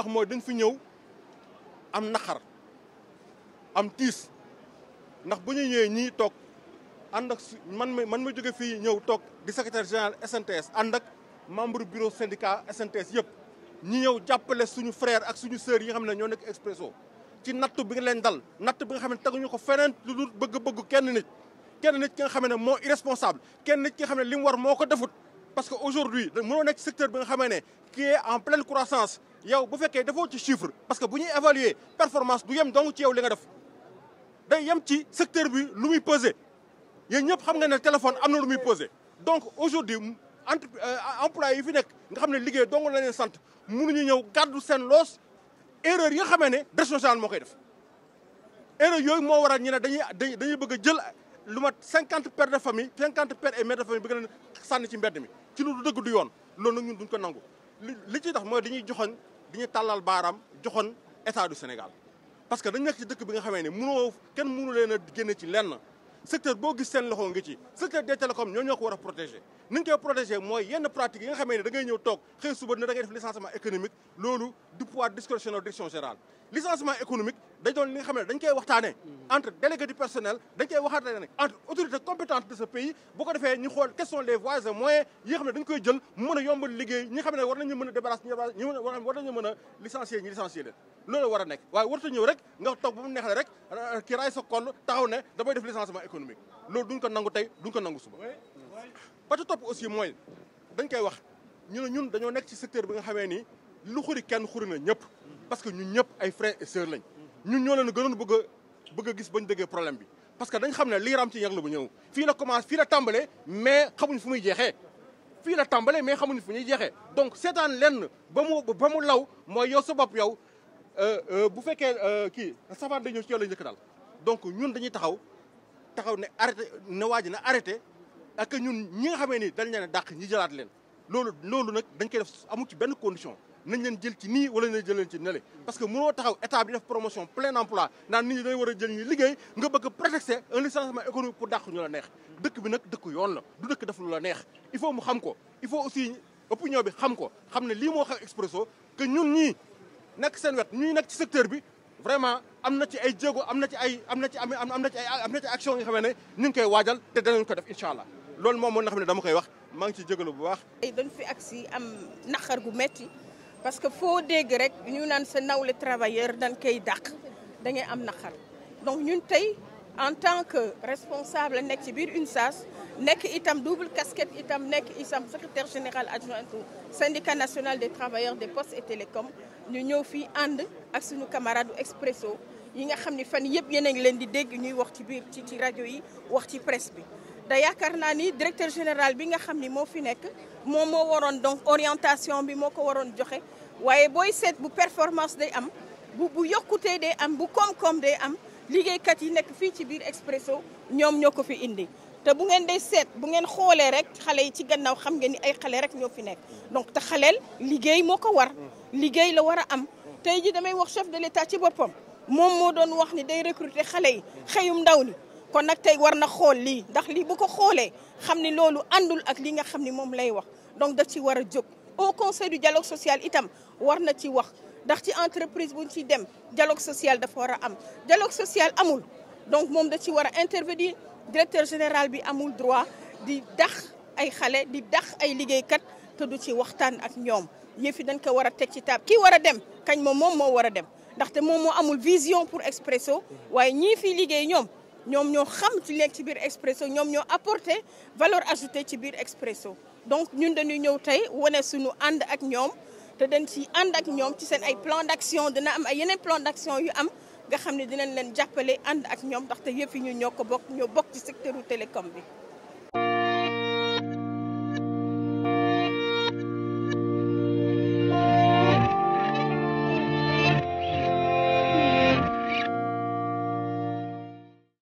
wax mooy dañ fi ñëw am naqar am tiis ndax bu ñu ñëwee ñii toog ànd ak man ma man ma jóge fii ñëw toog di secrétaire général SNTS ànd ak membre bureau syndicat SNTS yëpp ñi ñëw jàppale suñu frère ak suñu sœur yi nga xam ne ñoo nekk Expresso ci nattu bi nga leen dal natt bi nga xam ne teguñu ko feneen lu dul bëgg-bëgg kenn nit kenn nit ki nga xam ne moo irresponsable kenn nit ki nga xam ne li mu war moo ko defut parce que aujourd'hui mënoo nekk secteur bi nga xam ne qui est en pleine croissance yow bu fekkee defoo ci chiffre parce que bu ñuy évaluer performance du yem donc ci yow li nga def day yem ci secteur bi lu muy peser yéen ñëpp xam nga ne téléphone am na lu muy peser donc aujourd'hui entre euh, employé yi fi nekk nga xam ne liggéey dong la leen sant mënuñu ñëw gàddu seen loos erreur yi nga xamee ne décision moo koy def erreur yooyu moo waral ñu ne dañuy dañuy bëgg a jël lu mat cinquante per de famille cinquante per et mères de famille bëgg leen sànni ci mbedd mi ci lu dëgg du yoon loolu nag ñun duñ ko nangu li ci tax mooy dañuy joxoñ di ñu tàllal baaraam joxoon état du Sénégal parce que dañ nekk ci dëkk bi nga xamee ne mënoo kenn mënu leen a génne ci lenn secteur boo gis seen loxo ngi ci secteur des télécoms ñoo ñoo ko war protégé ni ñu protégé mooy yenn pratique yi nga xamee ne da ñëw toog xëy suba dina da def licenciement économique loolu du pouvoir discrétionnaire direction générale licenciement économique dañ doon waxtaane mm-hmm. entre délégué du personnel dañ koy waxtaane attentes de ce pays bu ko defee ñu xool quels sont les voies xam ne dañ koy jël mën a yombal liggéey ñi xam ne war nañu mën a débarrasser ñi war nañu mën a licencier ñi licencier leen loolu war a nekk waaye warta ñëw rek nga toog ba mu neexle rek euh, ki sa koll taxaw ne damay def licenciement économique loolu duñ ko nangu tey duñ ko nangu suba ba topp aussi mooy dañ koy wax ñu ne ñun dañoo nekk ci secteur bi nga xamee ni lu xuri kenn xuri na ñëpp parce que ñun ñëpp ay frères et sœurs lañ ñun ñoo leen gënoon bëgg a bëgg a bañ déggee problème bi parce que dañ xam ne lii ram ci ñax la bu ñëw fii la commencé fii la tàmbale mais xamuñ fu muy jeexee fii la tàmbale mais xamuñ fu ñuy jeexee donc seetaan lenn ba mu ba mu law mooy yow sa bopp yow euh, euh, bu fekkee euh, kii safaan da ñëw ci yow la njëkk daal donc ñun dañuy taxaw taxaw ne arrêté ne waa ji na arrêté ak ñun ñi nga xamee ni dañ leen a dàq ñi jalaat leen loolu loolu nag dañ koy def amul ci benn condition nañ leen jël ci nii wala nañ jël leen ci nele parce que mënoo taxaw état bi def promotion plein emploi naan nit ñi dañ war a jël ñu liggéey nga bëgg a prétexter un licenciement économique pour dàq ñu la neex dëkk bi nag dëkk yoon la du dëkk def lu la neex il faut mu xam ko il faut aussi opinion bi xam ko xam ne lii moo xew Expresso que ñun ñii nekk seen wet ñu ñuy nekk ci secteur bi vraiment am na ci ay jéego am na ci ay am na ci am am na ci ay am na ci action yi nga xam ne ñu ngi koy waajal te danañ ko def incha allah loolu moom moo nga xam ne dama koy wax maa ngi ci jégalu bu baax. dañ fi agsi am naqar gu metti parce que foo dégg rek ñu naan sa nawle travailleur dañ koy dàq da ngay am naqar donc ñun tey en tant que responsable nekk ci biir UNSAS nekk itam double casquette itam nekk itam secrétaire général adjoint au syndicat national des travailleurs des postes et télécom ñu ñëw fii ànd ak suñu camarado Expresso yi nga xam ni fan yëpp yéen a ngi leen di dégg ñuy wax ci biir ci ci rajo yi wax ci presse bi te yaakaar naa ni directeur général bi nga xam ni moo fi nekk moom moo waroon donc orientation bi moo ko waroon joxe waaye booy seet bu performance day am bu bu yokkutee day am bu koom-koom day am liggéeykat yi nekk fii ci biir Expresso ñoom ñoo ko fi indi te bu ngeen day seet bu ngeen xoolee rek xale yi ci gannaaw xam ngeen ni ay xale rek ñoo fi nekk donc te xaleel liggéey moo ko war liggéey la war a am tey ji damay wax chef de l'État ci boppam moom moo doon wax ni day recruter xale yi xëyum ndaw ni kon nag tey war na xool lii ndax lii bu ko xoolee xam ni loolu àndul ak lii nga xam ni moom lay wax donc daf ci war a jóg au conseil du dialogue social itam war na ci wax ndax ci entreprise bu buñ ci dem dialogue social dafa war a am dialogue social amul donc moom da ci war a intervenir directeur général bi amul droit di dax ay xale di dax ay liggéeykat te du ci waxtaan ak ñoom yëf yi dañ ko war a teg ci taab kii war a dem kañ ma moom moo war a dem ndaxte moom moo amul vision pour Expresso waaye ñii fii liggéey ñoom ñoom ñoo xam ci lekk ci biir Expresso ñoom ñoo apporter valeur ajoutée ci biir Expresso donc ñun dañuy ñëw tey wane suñu ànd ak ñoom te dañ ci ànd ak ñoom ci seen ay plan d'action dina am ay yeneen plan d'action yu am nga xam ne dinañ leen jàppale ànd ak ñoom ndaxte yëpp yi ñu ñoo ko bokk ñoo bokk ci secteur télécom bi